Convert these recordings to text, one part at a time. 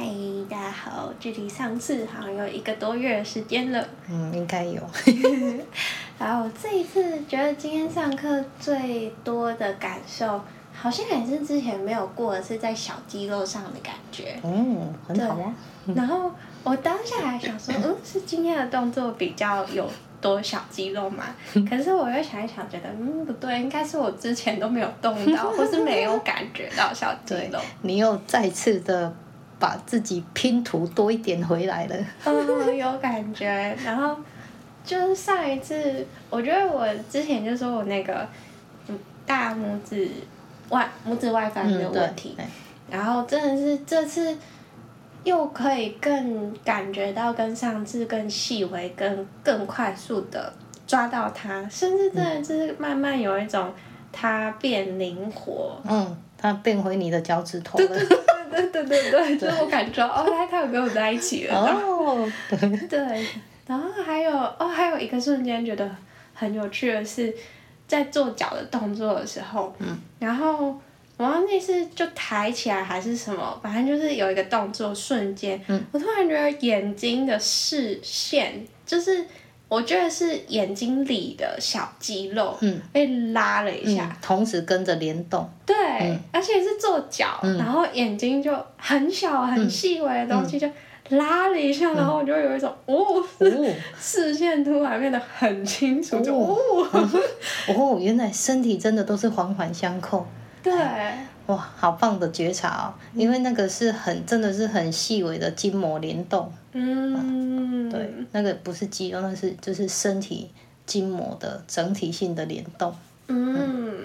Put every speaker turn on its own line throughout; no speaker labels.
嗨，Hi, 大家好，距離上次好像有一個多月的時間了。嗯，應該有。然後 我這一次覺得今天上課最多的感受，好像也是之前沒有過的是在小肌肉上的感覺。嗯，很好啊。然後我當下還想說， 嗯，是今天的動作比較有多小肌肉嗎？可是我又想一想，覺得嗯，不對，應該是我之前都沒有動到， 或是沒有感覺到小肌肉。
你又再次的。把自己拼圖多一點回來
了。嗯，有感覺。然後就是上一次，我覺得我之前就說我那個，嗯，大拇指外拇指外翻的問題。嗯，然後真的是這次又可以更感覺到跟上次更細微，更更快速的抓到它，甚至真的就是慢慢有一種它變靈活，嗯，它變回你的腳趾頭了。 對對對對，就對是我感覺哦，他他有跟我在一起了。哦 後，oh, 對對，然後還有哦，還有一個瞬間覺得很有趣的是，在做腳的動作的時候，嗯、然後我那次就抬起來還是什麼，反正就是有一個動作瞬間，嗯、我突然覺得眼睛的視線就是。我覺得是眼睛裡的小肌肉被拉了一下，嗯
嗯、同時跟着聯動。
對，嗯、而且是做腳，嗯、然後眼睛就很小很細微的東西、嗯、就拉了一下，嗯、然後我就有一種，哦，視線突然變得很清楚。
哦，原來身體真的都是環環相扣。
對。
哇，好棒的覺察哦！因為那個是很，真的是很細微的筋膜聯動。嗯、
哦。對，
那個不是肌肉，那個、是就是身體筋膜的整體性的聯動。
嗯，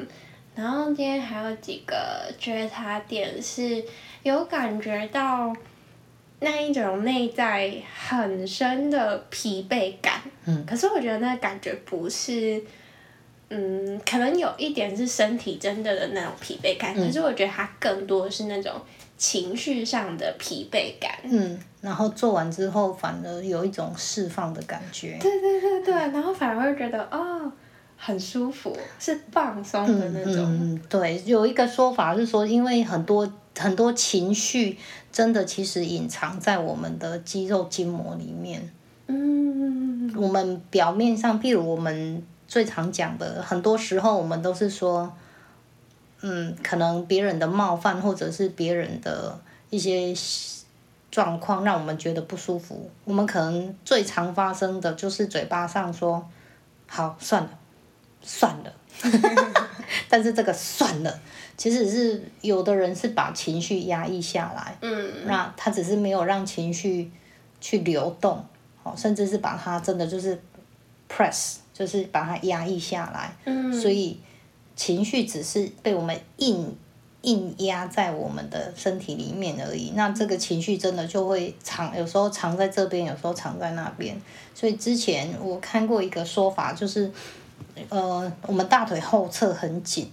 嗯。然後今天還有幾個覺察點是有感覺到，那一種內在很深的疲憊感。嗯。可是我覺得那個感覺不是。嗯，可能有一點是身體真的的那種疲憊感，嗯、可是我覺得它更多是那種情緒上的疲憊感。
嗯，然後做完之後反而有一種釋放的感覺。對
對對對，嗯、然後反而會覺得哦，很舒服，是放鬆的那種。嗯嗯，
對，有一個說法是說，因為很多很多情緒真的其實隱藏在我們的肌肉筋膜裡面。嗯，我們表面上，譬如我們。最常講的，很多時候我們都是說，嗯，可能別人的冒犯，或者是別人的一些狀況，讓我們覺得不舒服。我們可能最常發生的就是嘴巴上說“好算了，算了”， 但是這個“算了”其實是有的人是把情緒壓抑下來，嗯，那他只是沒有讓情緒去流動，哦，甚至是把它真的就是 press。就是把它壓抑下來，嗯、所以情緒只是被我們硬硬壓在我們的身體裡面而已。那這個情緒真的就會藏，有時候藏在這邊，有時候藏在那邊。所以之前我看過一個說法，就是呃，我們大腿後側很緊，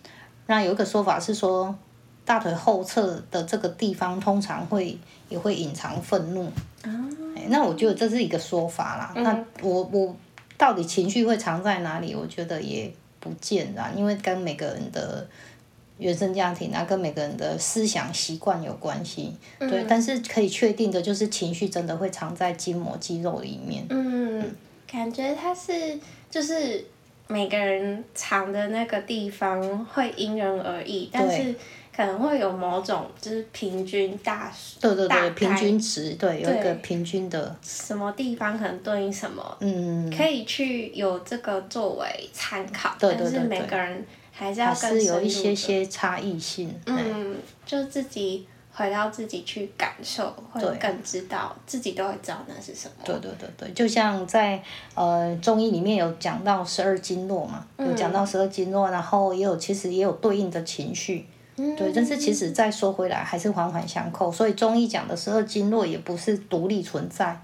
那有一個說法是說，大腿後側的這個地方通常會也會隱藏憤怒，哦欸。那我覺得這是一個說法啦。嗯、那我我。到底情緒會藏在哪裡？我覺得也不盡然，因為跟每個人的原生家庭啊，跟每個人的思想習慣有關係。對，嗯、但是可以確定的就是，情緒真的會藏在筋膜肌肉裡面。
嗯，嗯感覺它是就是每個人藏的那個地方會因人而異，對但是。可能會有某種就是平均大數，對對對，平均
值對，有一個平均的
什麼地方可能對應什麼，嗯，可以去有這個作為參考，但是每個人還是要是有一些些
差異性。
嗯，就自己回到自己去感受，會更知道自己，都會知道那是什麼。
對對對對，就像在呃，中醫裡面有講到十二經絡嘛，有講到十二經絡，然後也有其實也有對應的情緒。對，但是其實再說回來，還是環環相扣。所以中醫講的時候，經絡也不是獨立存在。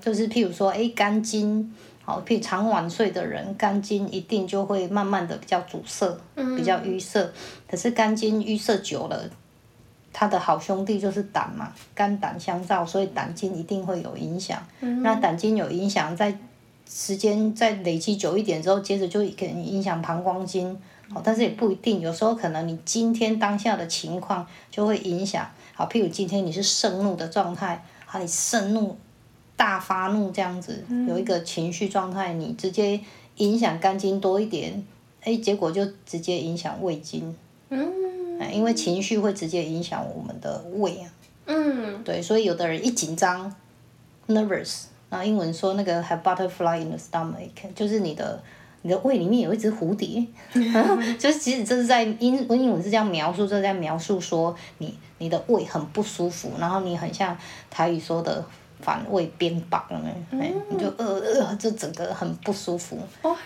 就是譬如說，哎、欸，肝經，好，譬如常晚睡的人，肝經一定就會慢慢的比較阻塞，比較淤塞。可、嗯、是肝經淤塞久了，他的好兄弟就是膽嘛，肝膽相照，所以膽經一定會有影響。嗯、那膽經有影響，在時間再累積久一點之後，接着就可能影響膀胱經。哦，但是也不一定，有時候可能你今天當下的情況就會影響。好，譬如今天你是盛怒的狀態，好，你盛怒，大發怒這樣子，嗯、有一個情緒狀態，你直接影響肝經多一點，哎、欸，結果就直接影響胃經。嗯。哎，因為情緒會直接影響我們的胃啊。嗯。對，所以有的人一緊張，nervous，那英文說那個 have butterfly in the stomach，就是你的。你的胃裡面有一隻蝴蝶，mm hmm. 就是其實這是在英文，英文是這樣描述，這是在描述說你你的胃很不舒服，然後你很像台語說的反胃邊綁哎，你就呃呃，這整個很不舒服。
我、oh, 還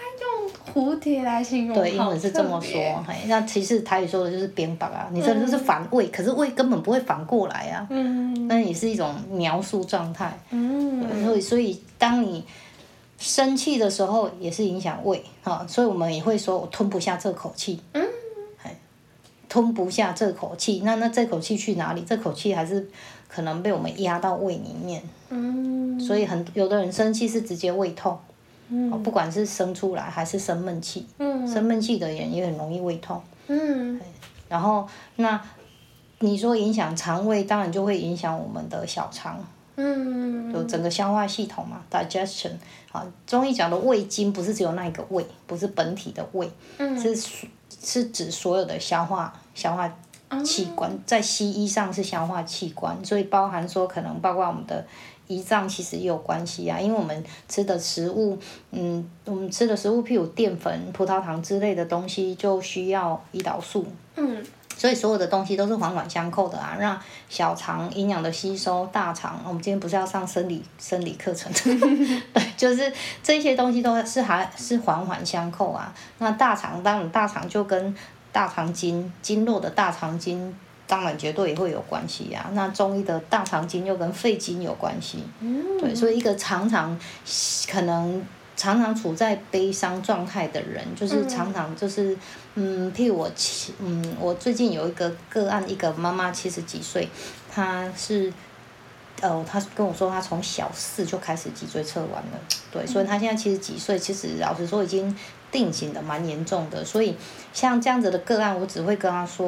用蝴蝶來形容。對，英文是這麼說，
嘿、欸，那其實台語說的就是邊綁啊，你真的就是反胃，mm hmm. 可是胃根本不會反過來啊，嗯、
mm，那、
hmm. 也是一種描述狀態。嗯，所以所以當你生氣的時候也是影響胃哈。啊，所以我們也會說，我吞不下這口氣，嗯，吞不下這口氣，那那這口氣去哪裡？這口氣還是可能被我們壓到胃裡面，嗯，所以很有的人生氣是直接胃痛，嗯，啊，不管是生出來還是生悶氣，嗯，生悶氣的人也很容易胃痛，
嗯，
嗯，然後那你說影響腸胃，當然就會影響我們的小腸。嗯，就整個消化系統嘛，digestion。Dig estion，好，中醫講的胃經不是只有那一個胃，不是本體的胃，嗯，是是指所有的消化消化器官，嗯，在西醫上是消化器官，所以包含說可能包括我們的胰臟其實也有關係啊，因為我們吃的食物，嗯，我們吃的食物譬如澱粉、葡萄糖之類的東西就需要胰島素。嗯。所以所有的東西都是環環相扣的啊，那小腸營養的吸收，大腸，我們今天不是要上生理生理課程，對， 就是這些東西都是還是環環相扣啊。那大腸當然大腸就跟大腸經經絡的大腸經，當然絕對也會有關係呀、啊。那中醫的大腸經又跟肺經有關係，嗯、對，所以一個腸腸可能。常常處在悲傷狀態的人，就是常常就是，嗯，譬如我，嗯，我最近有一個個案，一個媽媽，七十幾歲，她是，哦、呃，她跟我說她從小四就開始脊椎側彎了，對，所以她現在七十幾歲，其實老實說已經定型的蠻嚴重的，所以像這樣子的個案，我只會跟她說，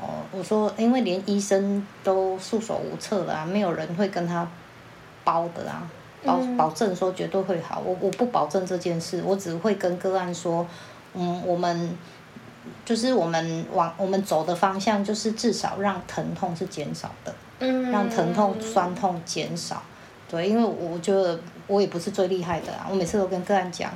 哦、呃，我說因為連醫生都束手無策了啊，沒有人會跟她包的啊。保保證說絕對會好，我我不保證這件事，我只會跟個案說，嗯，我們就是我們往我們走的方向，就是至少讓疼痛是減少的，嗯，讓疼痛酸痛減少，對，因為我覺得我也不是最厲害的啊，我每次都跟個案講，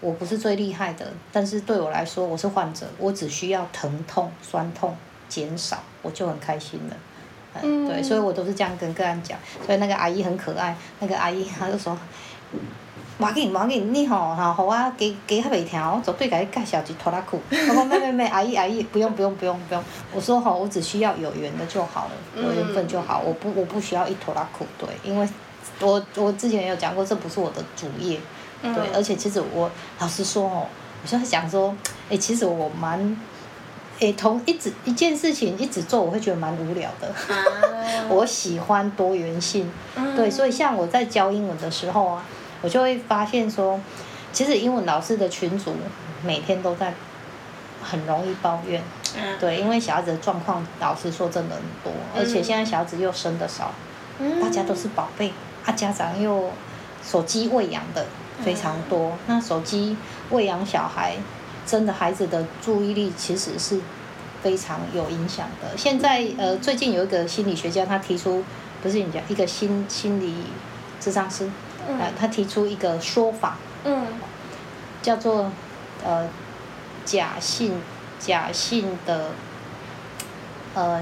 我不是最厲害的，但是對我來說，我是患者，我只需要疼痛酸痛減少，我就很開心了。嗯、對，所以我都是這樣跟個案講。所以那個阿姨很可愛，那個阿姨她就說：“馬、喔、給，給，給你，馬給你，你好，好，啊，給給他一條，我走對了，蓋小吉拖拉褲。”他說：“妹妹妹阿姨阿姨，不用不用不用不用。不用。”我說、喔：“我只需要有緣的就好了，有緣分就好，我不我不需要一拖拉褲，對，因為我，我我之前也有講過，這不是我的主業，
對，嗯、而且
其實我老實說哦、喔，我現在想說，哎、欸，其實我蠻……”誒、欸，同一直一件事情一直做，我會覺得蠻無聊的。 我喜歡多元性，嗯、對，所以像我在教英文的時候啊，我就會發現說，其實英文老師的群組每天都在很容易抱怨，嗯、對，因為小孩子的狀況，老實說真的很多，嗯、而且現在小孩子又生的少，嗯、
大家都
是寶貝啊，家長又手機餵養的非常多，嗯、那手機餵養小孩。真的孩子的注意力其實是非常有影響的。現在呃，最近有一個心理學家，他提出不是你講一個心心理諮商師、呃，他提出一個說法，叫做呃假性假性的呃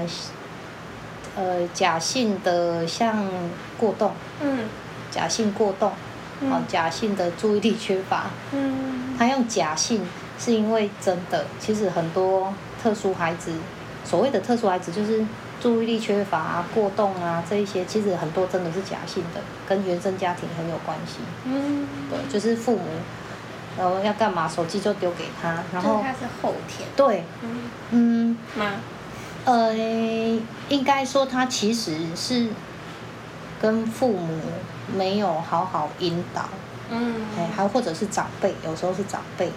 呃假性的像過動，假性過動，假性的注意力缺乏，他用假性。是因為真的，其實很多特殊孩子，所謂的特殊孩子就是注意力缺乏、啊、過動啊這一些，其實很多真的是假性的，跟原生家庭很有關係。嗯，對，就是父母，然後要幹嘛，手機就丟給他，然後是他
是後天。
對，嗯嗯，嗯媽，呃，應該說他其實是跟父母沒有好好引導，嗯，
還、
哎、或者是長輩，有時候是長輩。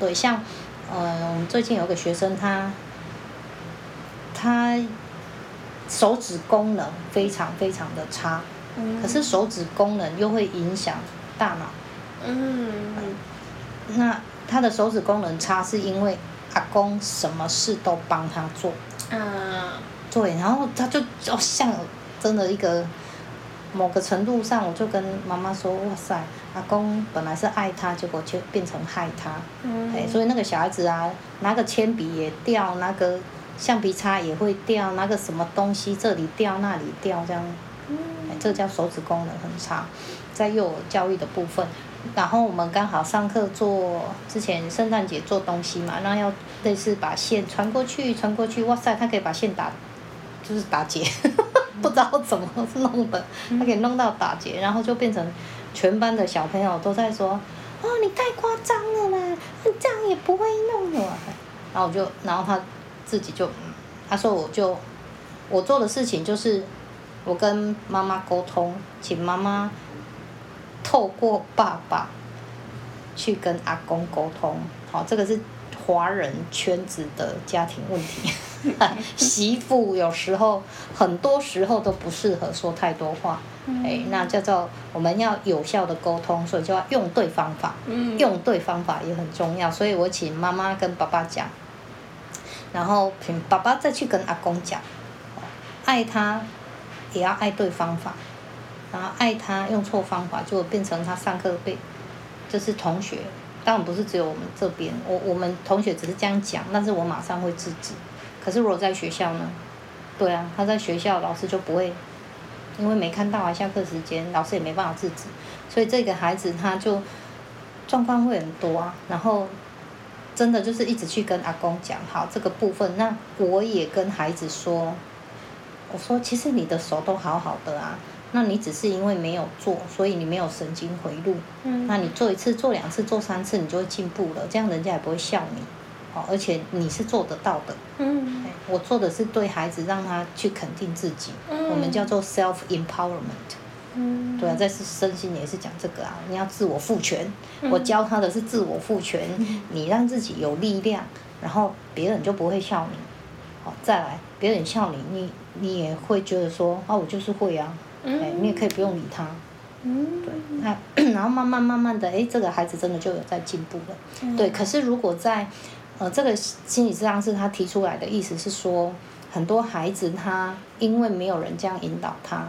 對，像，嗯，最近有個學生，他，他手指功能非常非常的差，嗯，可是手指功能又會影響大腦，嗯，嗯，那他的手指功能差是因為阿公什麼事都幫他做，
啊，
嗯，對，然後他就就像真的一個，某個程度上，我就跟媽媽說：“哇塞，阿公本來是愛她，結果卻變成害她。嗯欸”所以那個小孩子啊，拿個鉛筆也掉，拿個橡皮擦也會掉，拿個什麼東西這裡掉，那裡掉這樣。哎、嗯欸，這叫手指功能很差，在幼兒教育的部分。然後我們剛好上課做之前聖誕節做東西嘛，那要類似把線穿過去穿過去，哇塞，他可以把線打，就是打結。 不知道怎麼弄的，他給弄到打結，然後就變成全班的小朋友都在說：“哦，你太誇張了啦！你這樣也不會弄的。”然後我就，然後他自己就，他說：“我就，我做的事情就是我跟媽媽溝通，請媽媽透過爸爸去跟阿公溝通。哦”好，這個是華人圈子的家庭問題。 啊、媳婦有時候，很多時候都不適合說太多話、嗯欸。那叫做我們要有效的溝通，所以就要用對方法。嗯、用對方法也很重要。所以我請媽媽跟爸爸講，然後請爸爸再去跟阿公講、哦，愛他也要愛對方法。然後愛他用錯方法，就變成他上課會，就是同學當然不是只有我們這邊，我我們同學只是這樣講，但是我馬上會制止。可是如果在學校呢？對啊，他在學校老師就不會，因為沒看到啊，下課時間老師也沒辦法制止，所以這個孩子他就狀況會很多啊。然後真的就是一直去跟阿公講，好這個部分，那我也跟孩子說，我說其實你的手都好好的啊，那你只是因為沒有做，所以你沒有神經回路。嗯，那你做一次、做兩次、做三次，你就會進步了，這樣人家也不會笑你。而且你是做得到的，嗯、欸，我做的是對孩子讓他去肯定自己，嗯、我們叫做 self empowerment，嗯，對啊，在是身心也是講這個啊，你要自我賦權，嗯、我教他的是自我賦權，嗯、你讓自己有力量，然後別人就不會笑你，好，再來，別人笑你，你你也會覺得說啊我就是會啊、嗯欸，你也可以不用理他，嗯，對，那然後慢慢慢慢的，哎、欸、這個孩子真的就有在進步了，嗯、對，可是如果在呃，這個心理智商是他提出來的，意思是說很多孩子他因為沒有人這樣引導他，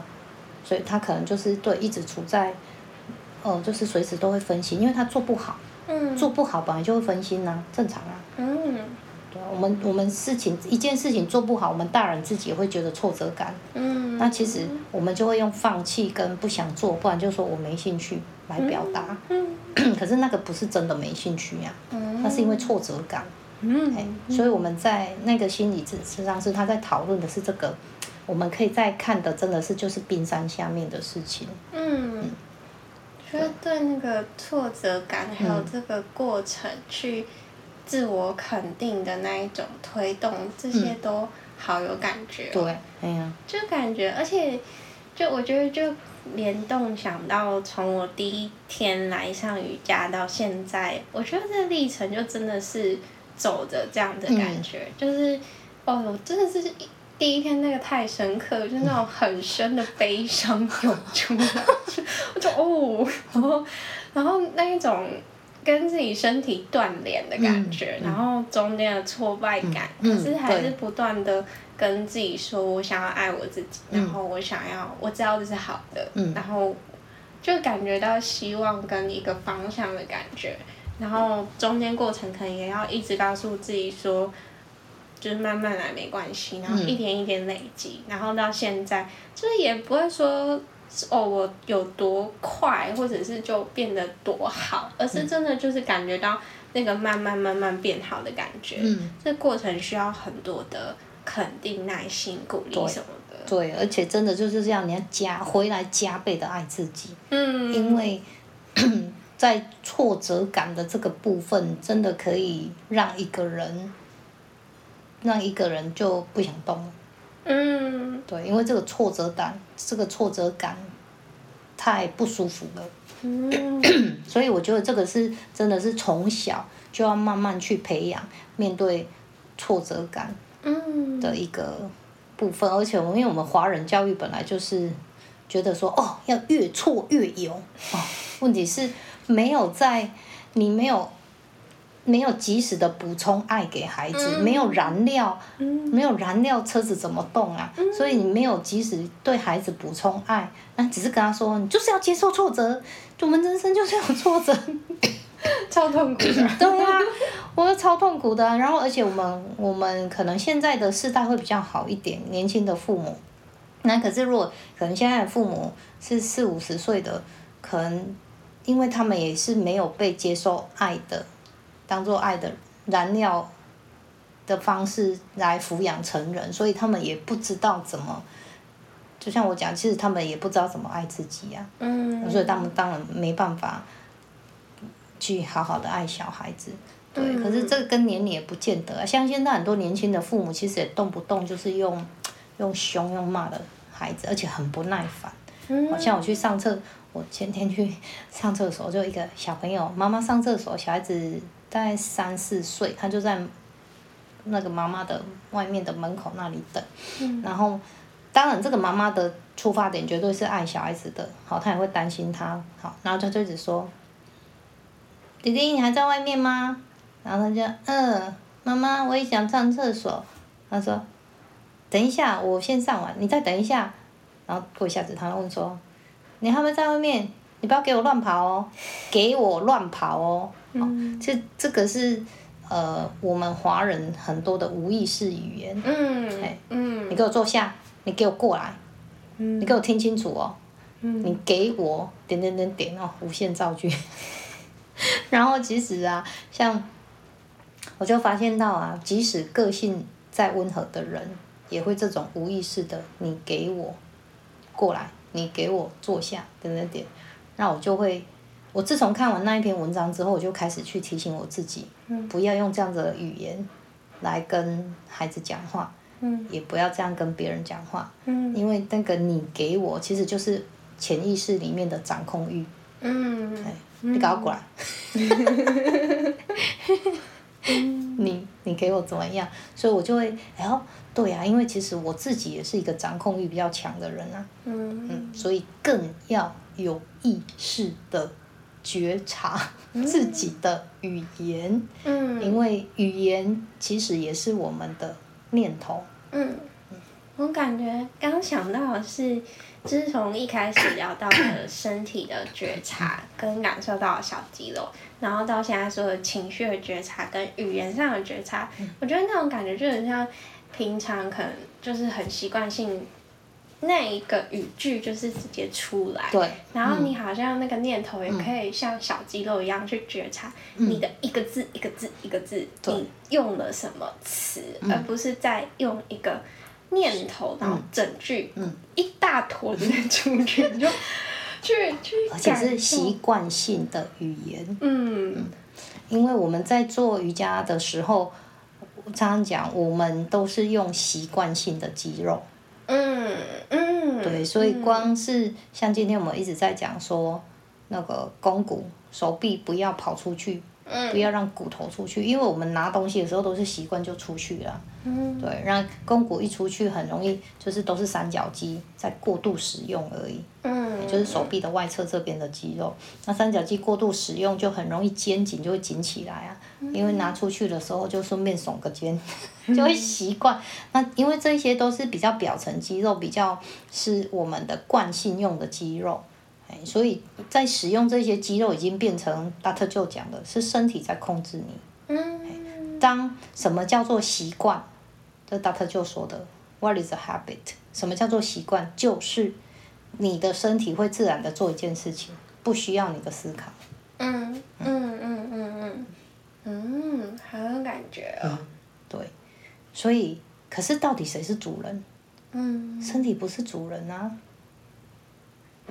所以他可能就是對一直處在，呃，就是隨時都會分心，因為他做不好，嗯，做不好本來就會分心啊，正常啊，嗯，對啊，我們我們事情一件事情做不好，我們大人自己也會覺得挫折感，嗯，
那其實
我們就會用放棄跟不想做，不然就說我沒興趣來表達，嗯，嗯可是那個不是真的沒興趣呀，啊，嗯，
那是因為挫折感。嗯，
欸、嗯，所以我們在那個心理層次上，是他在討論的是這個，我們可以再看的，真的是就是冰山下面的事情。
嗯，嗯對覺得對那個挫折感，還有這個過程去自我肯定的那一種推動，嗯、這些都好有感覺。嗯、感覺對，
哎呀、啊，
就感覺，而且就我覺得就聯動想到從我第一天來上瑜伽到現在，我覺得這歷程就真的是。走着這樣的感覺，嗯、就是，哦，我真的是一第一天那個太深刻，就那種很深的悲傷湧出感覺，嗯、 我就哦，然後，然後那一種跟自己身體斷聯的感覺，嗯嗯、然後中間的挫敗感，嗯嗯、可是還是不斷的跟自己說，我想要愛我自己，嗯、然後我想要我知道這是好的，嗯、然後就感覺到希望跟一個方向的感覺。然後中間過程可能也要一直告訴自己說，就是慢慢來沒關係，然後一點一點累積，嗯，然後到現在就是也不會說哦，我有多快或者是就變得多好，而是真的就是感覺到那個慢慢慢慢變好的感覺。嗯，這過程需要很多的肯定、耐心、鼓勵什麼
的。對，對，而且真的就是這樣，你要加回來加倍的愛自己。
嗯，因為。
在挫折感的這個部分，真的可以讓一個人，讓一個人就不想動了。嗯，對，因為這個挫折感，這個挫折感太不舒服了。嗯， 所以我覺得這個是真的是從小就要慢慢去培養面對挫折感嗯的一個部分。而且我們因為我們華人教育本來就是覺得說哦要越挫越勇，哦，問題是。沒有在你沒有沒有及時的補充愛給孩子，嗯、沒有燃料，嗯、沒有燃料車子怎麼動啊？嗯、所以你沒有及時對孩子補充愛，那只是跟他說你就是要接受挫折，我們人生就是有挫折， 超痛苦的。 對啊，我說超痛苦的、啊。然後而且我們我們可能現在的世代會比較好一點，年輕的父母。那可是如果可能現在的父母是四五十歲的，可能。因為他們也是沒有被接受愛的，當做愛的燃料的方式來撫養成人，所以他們也不知道怎麼，就像我講，其實他們也不知道怎麼愛自己呀，
啊。嗯，所以他
們當然沒辦法去好好的愛小孩子。
對。嗯，可是
這個跟年齡也不見得，啊，像現在很多年輕的父母，其實也動不動就是用用凶用罵的孩子，而且很不耐煩。好像我去上廁，我前天去上廁所，就一個小朋友，媽媽上廁所，小孩子大概三四歲，他就在那個媽媽的外面的門口那裡等。嗯、然後，當然這個媽媽的出發點絕對是愛小孩子的，好，她也會擔心他，好，然後她就一直說：“弟弟，你還在外面嗎？”然後他就：“嗯，媽、呃、媽，我也想上廁所。”他說：“等一下，我先上完，你再等一下。”然後過一下子，他問說：“你還沒在外面？你不要給我亂跑哦！給我亂跑哦！這、嗯哦、這個是呃，我們華人很多的無意識語言。嗯，嗯，你給我坐下，你給我過來，嗯、你給我聽清楚哦。嗯、你給我點點點點哦，無限造句。 然後其實啊，像我就發現到啊，即使個性再溫和的人，也會這種無意識的，你給我。”過來，你給我坐下，等等等，那我就會，我自從看完那一篇文章之後，我就開始去提醒我自己，嗯、不要用這樣子的語言來跟孩子講話，
嗯、也
不要這樣跟別人講話，嗯、因為那個你給我其實就是潛意識裡面的掌控欲，嗯，你給我過來。 嗯你你給我怎麼樣？所以我就會，哎呦，對呀，啊，因為其實我自己也是一個掌控欲比較強的人啊，嗯嗯，所以更要有意識的覺察自己的語言，
嗯，
因為語言其實也是我們的念頭，嗯。嗯
我感覺剛想到的是，就是從一開始聊到的身體的覺察跟感受到小肌肉，然後到現在說情緒的覺察跟語言上的覺察，嗯、我覺得那種感覺就很像平常可能就是很習慣性那一個語句就是直接出來，對、嗯、然後你好像那個念頭也可以像小肌肉一樣去覺察你的一個字一個字一個字，一個字、一個字對你用了什麼詞，嗯、而不是在用一個。念頭，然後整句，嗯，一大坨的出去，就去去，嗯、而且是習慣性的
語言。嗯，嗯，因為我們在做瑜伽的時候，我常常講，我們都是用習慣性的肌肉。嗯嗯，
嗯對，所以
光是像今天我們一直在講說，那個肱骨、手臂不要跑出去。不要讓骨頭出去，因為我們拿東西的時候都是習慣就出去了。嗯、對，讓肱骨一出去，很容易就是都是三角肌在過度使用而已。嗯，就是手臂的外側這邊的肌肉，那三角肌過度使用就很容易肩頸就會緊起來啊。嗯、因為拿出去的時候就順便聳個肩，就會習慣。嗯、那因為這些都是比較表層肌肉，比較是我們的慣性用的肌肉。所以在使用這些肌肉已經變成 Doctor Joe 講的，是身體在控制你。嗯。當什麼叫做習慣？這 Doctor Joe 說的，What is a habit？什麼叫做習慣？就是你的身體會自然的做一件事情，不需要你的思考。嗯嗯嗯嗯
嗯嗯，很、嗯嗯、有感覺
啊、嗯。對。所以，可是到底誰是主人？嗯，
身
體不是主人啊。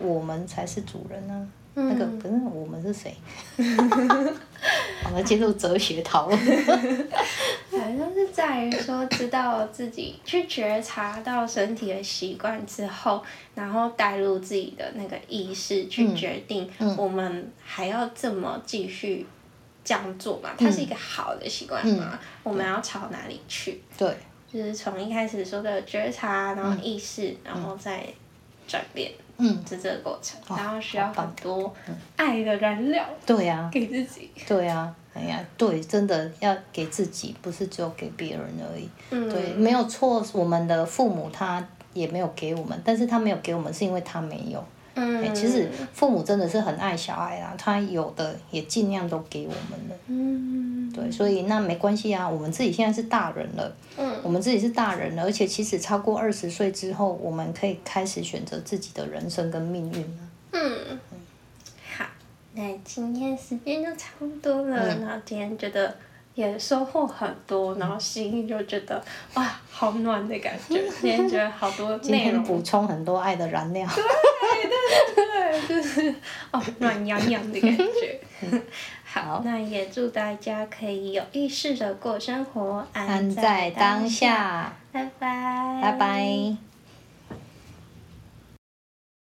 我們才是主人吶、啊，嗯、那個不是我們是誰？ 我們進入哲學討論，
反正是在於說，知道自己去覺察到身體的習慣之後，然後帶入自己的那個意識去決定，嗯嗯、我們還要這麼繼續這樣做嘛？它是一個好的習慣嗎？嗯嗯、我們要朝哪裡去？對，就是從一開始說的覺察，然後意識，嗯、然後再轉變。嗯嗯嗯，是這
個過程，然後需要很多愛的燃料。對呀，給自己。嗯哦嗯、對呀、啊，哎呀、啊，對，真的要給自己，不是只有給別人而已。對，嗯、沒有錯，我們的父母他也沒有給我們，但是他沒有給我們是因為他沒有。嗯、欸。其實父母真的是很愛小孩啊，他有的也盡量都給我們了。嗯。對，所以那沒關係啊，我們自己現在是大人了。嗯。我們自己是大人了，而且其實超過二十歲之後，我們可以開始選擇自己的人生跟命運了。嗯，
好，那今天時間就差不多了。然後、嗯、今天覺得也收穫很多，然後心就覺得、嗯、哇，好暖的感覺。今天覺得好多內容，補
充很多愛的燃料。 對
對對，就是哦，暖洋洋的感覺。嗯好，那也祝大家可以有意識的過生活，安在當下。當下拜拜，拜拜。